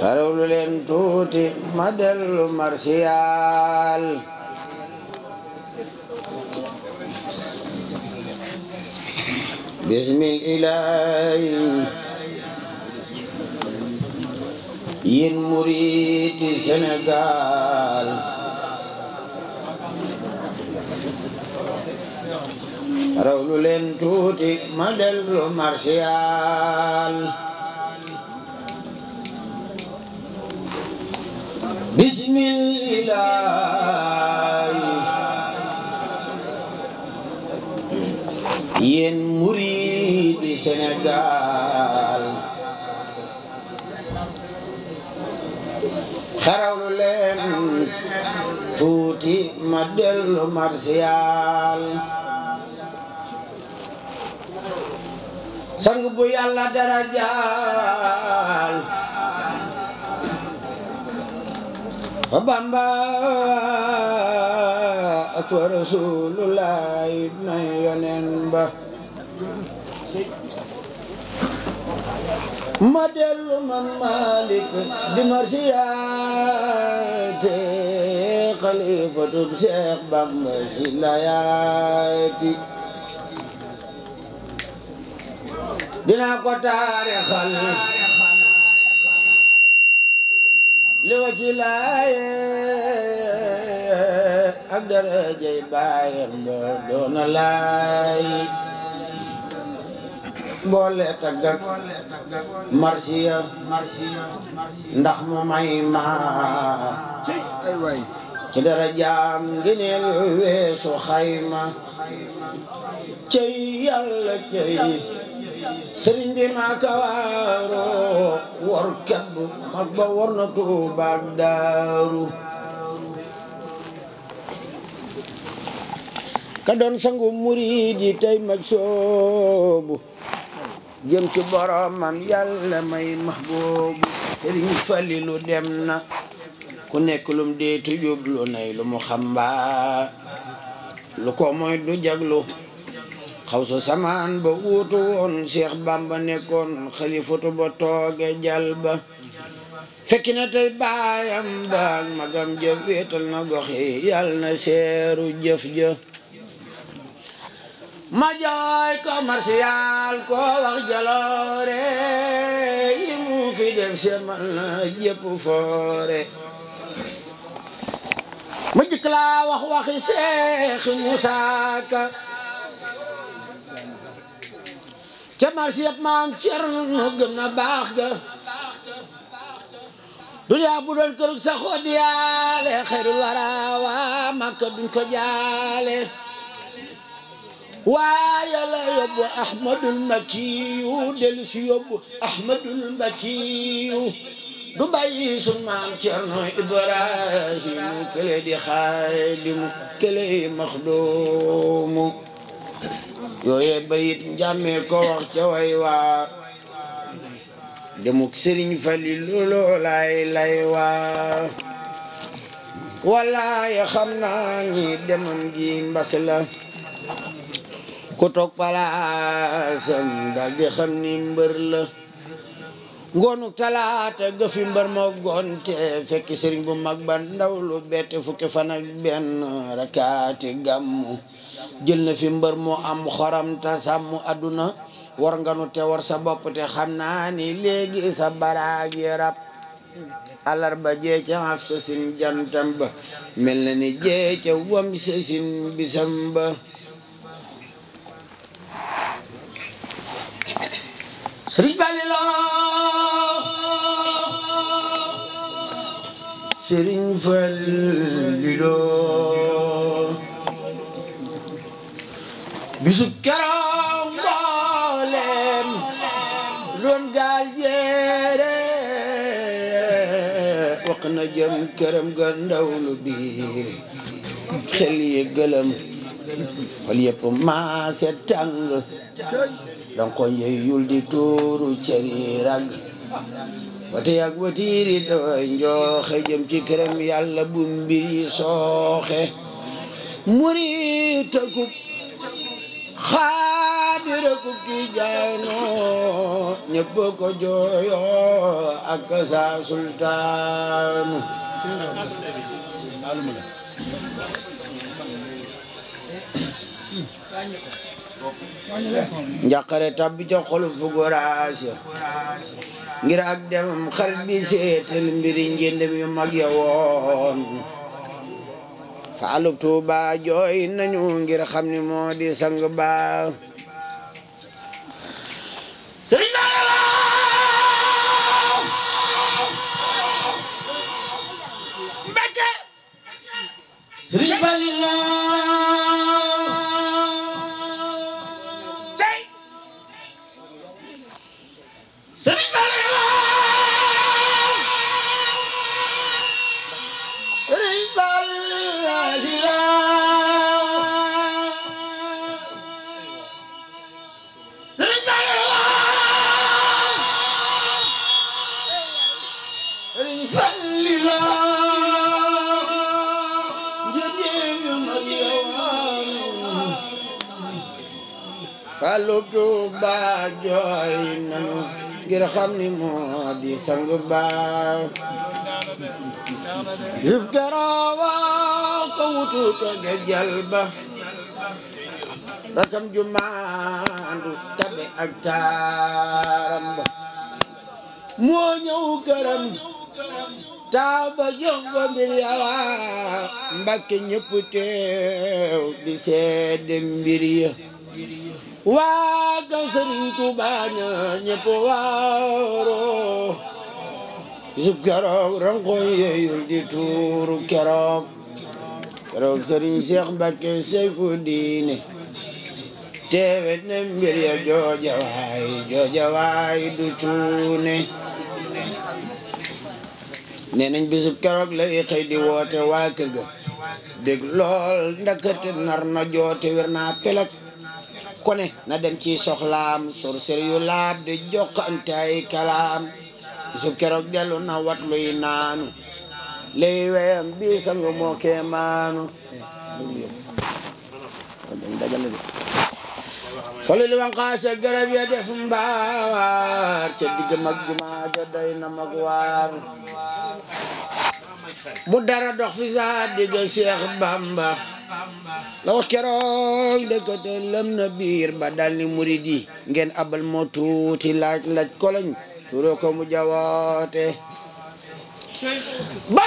xarawlu leen tuuti ma dellu marsiyaal bismil ilaahi yéen leen tuuti ma dellu بسم الله yéen murid yi Sénégal xarawlu leen tuuti ma dellu marsiyaal sang bu yàlla darajaal Bamba ak Rasulullah nay yonen ba ma dellu man Malik di marsiyaate xalifatub Cheikh Bamba si layaati dina ko taarixal li wa ci laaye ak darajay baayam ba doona laay boole taggak marsiya ndax mu may ma ci darajaam ngeneel weesu xayma cey yàlla cey sëriñ bi maaka waaroo war kat bu ba war na tuubaak daaru ka doon sangu murid yi maj soobu jëm ci boromam yàlla may mahboobu sëriñ falilu dem na ku nekk lum deetu jublu nay lu mu xamba lu ko mooy du jaglu xawsu samaan ba uutu woon Bamba nekkoon xalifatu ba tooge jal ba fekki magam jëf wéetal na gox yi yal na seeru jëf jë ma jooy commercial wax jaloore yi mu fi semal na jëpp foore ma jëkk laa wax waxi Cheikh Moussa Ka ca marché yëpp maam Cerno na baax ga duniyaa bu doon kërug sa xoo diyaale xayrul wara waa Makka duñ ko jaale waaye la yóbbu Ahmadul Makiyu dellu si yóbbu Ahmadul Makiyu du bàyyi sun maam Cerno Ibrahimu kële di xaadimu kële maxdoomu yooye bayit njàmmee ko wax ca way waa demuk sëriñ fali looloolaay lay waa walaay xam naa ni demam gi mbas la ku toog palaasam di xam ni mbër la ngoonu talaata gëfi mbar moo gonte fekki sëriñ bu mag ba ndaw lu bette fukki fan benn rakaati gàmmu jël na fi mbër moo am xoram ta sàmm àdduna war nga nu te war sa bopp te xam naa ni léegi sa baraag yi rab alarba jee ca af sa sin jantam mel na ni jee ca wam sa sin bisam sëriñ Fallilu gaal jeere wax na jëm këram ga ndaw lu biir xel yi gëlëm xol yëpp maase tàng donc yul di tuuru ceri rag wati ak watiiri dafay njooxe jëm ci këram yàlla bu mbir yi sooxe murit akub xaadir akub tijaano ñëpp ko jooyoo sultaanu njàqare tabbi ca xolu ngir ak dem xarit bi seetal mbiri njëndem yu mag ya woon faalub Tuuba jooy nañu ngi xam ni moo di sang ba màggalu Tuuba jooy nanu ngir ni moo di sang ba yib darawa ko wutu rakam jumaandu tabe ak taaram ba moo ñëw këram taaba jox ko mbakke ñëpp teew di seede mbir waagal Sëriñ Tuubaa ña ñépp waaroo bisub keroog rangoy yeyul di tuuru keroog keroog Sëriñ Cheikh Mbacké Seyfu Diine teewet ne mbir ya jooja du cuune nee nañ bisub keroog la xëy di woote waa kër ga dégg lool ndakate nar na joote wér naa pelak kone na dem ci soxlaam sorser yu laab di jokkante ay kalaam bisub keroog dellu na wat luy naanu léegi weyam bi sangu moo maanu solo li wanqaase garab ya def mbaawaar ca digg mag jumaa ja na mag waar bu dara dox fi saa digg Seex Bamba la wax keroog dëkkate lëm na biir ba dal ni murid ngeen abal moo tuuti laaj laaj koloñ turoo ko mu jawaate ba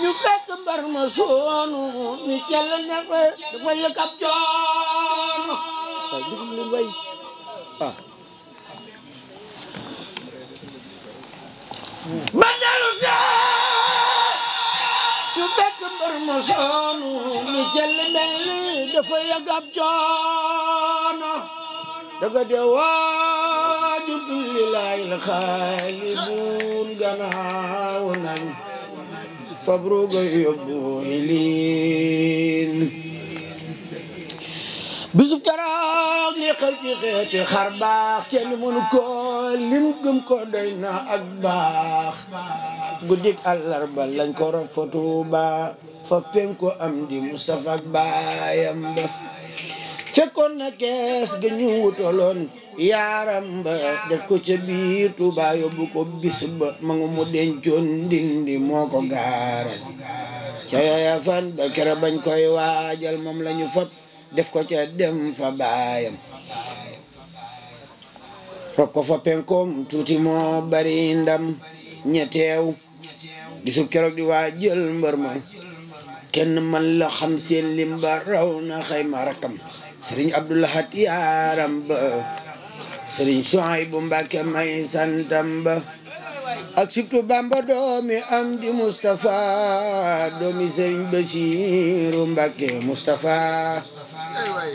ñu fekk mbar ma soonu ni kell ne fa dafa yëg ab coono soonu lu jël mel ni dafa yëg ab coono daga de waajutu lillaay la xaalibuun ganaaw nañ fabruga yóbbu iliin keroog li xew ci xeeti xar baax kenn ko lim gëm ko doy na ak baax guddik àllarba lañ ko rob fa Tuuba fa penko am di Moustapha baayam ba fekkoon na kees ga ñu wutaloon yaaram ba def ko ca biir Tuuba ko bis ba ma nga mu dencoon ndindi moo ko gaaral ca fan ba kera bañ koy waajal moom lañu fab def ko ca dem fa baayam fop ko fa tuuti moo bari ndam ñeteew gisub keroog di waa jël mbër ma kenn man la xam seen lim raw na xayma rakam sëriñ abdoulahat yaaram ba sëriñ Suhaybu Mbàkke may santam ba ak sibtu bamba doomi am di Moustapha doomi Serigne Bassirou Mbacké Moustapha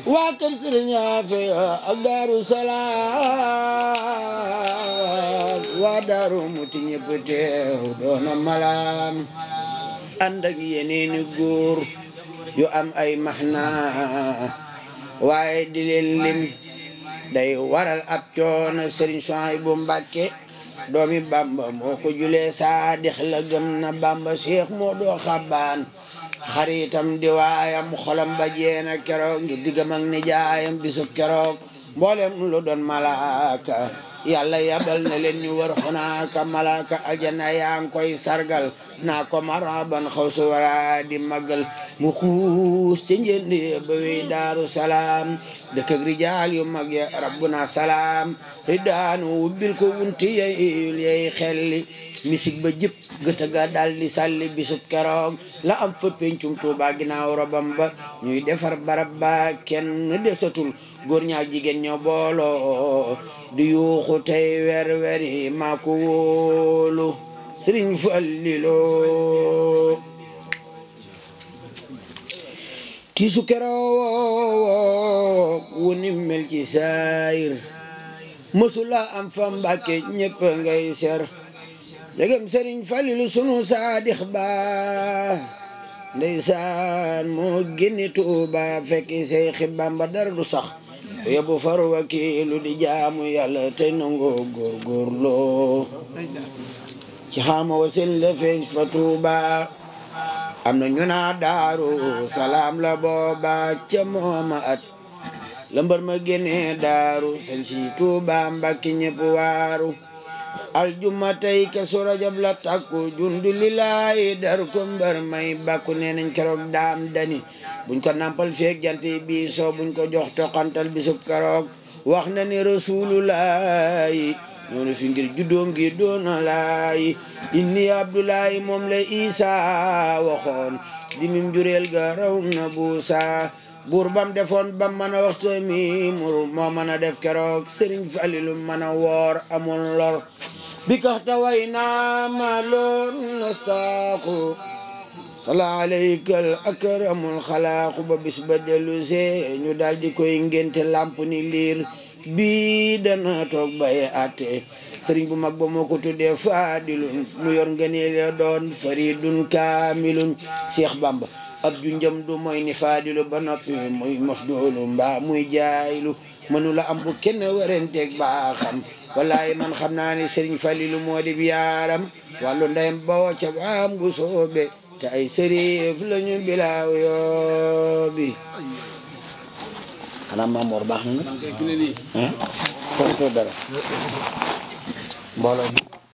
waa kër Serigne Afe ak Daaru Salaam waa Daaru Muti ñëpp doona malaam ànd ak yeneeni góor yu am ay maxna waaye di leen day waral ab coono Serigne Souhaïbou Mbacké doomi bamba moo ko julee saadix la gëm na bamba seex moo doo xabbaan xaritam di waayam xolam ba jeena keroog ngir diggam ak nijaayam bisu keroog mboolem lu doon malaaka yàlla yabal na leen ñu war xunaaka malaaka aljanna yaa ngi koy sargal naa ko maraban xaw su wara di màggal ci njënd ba wéy daaru salaam dëkk rijaal yu mag ya rabbuna salaam ridaanu ubbil ko wunti yeyul yey xelli misik ba jëpp gëtë ga dal di salli bisub keroog la am fa pencum tuuba ginnaaw robam ba ñuy defar barab ba kenn desatul góor ñaak jigéen ñoo booloo di yuuxu tey wer weri maa ko wóolu sëriñ Falliloo kiisu keroog wu ni mel ci saayir mësula am fa mbàkke ñépp ngay ser jegem sëriñ Fallilu sunu saadix ba ndeysaan moo génni Tuuba fekk say xibam ba dara du sax yóbbu faru wakiilu di jaamu yàlla tey nangoo góorgóorloo ci xaama wasin la feeñ fa tuuba am na ñu naa daaru salaam la booba ca mooma at lëmbar ma génnee daaru sëñ si tuuba mbàkki ñëpp waaru aljuma tey kesu rajab la takku jundu lilaayi dar may bakku nee nañ keroog daam dani buñ ko nampal feeg jant yi buñ ko jox toqantal bisub keroog wax na ne rasululaayi fi ngir juddoom gi doona inni abdoulayi moom la isa waxoon dimim jureel ga raw na buusa buur bam defoon bam mën a waxtu mi mur mën a def keroog sëriñ Falilu mën woor amul lor bi kaxta way naa maaloon nastaaku sala alaykal akramul xalaaqu ba bis ba ñu daal di koy ngénte làmp ni liir bii dana toog baye atte sëriñ bu mag ba moo ko tuddee mu yor ngëneele doon faridun kaamilun Cheikh Bamba ab ju njëm du mooy ni faadilu ba noppi muy mafduulu mbaa muy jaaylu mënula am bu kenn warenteeg baaxam wallahi man xam naa ne sëriñ falilu moo di yaaram wàllu ndeyam boo ca baam gu soobe te ay sëriif la ñu bilaaw yoobi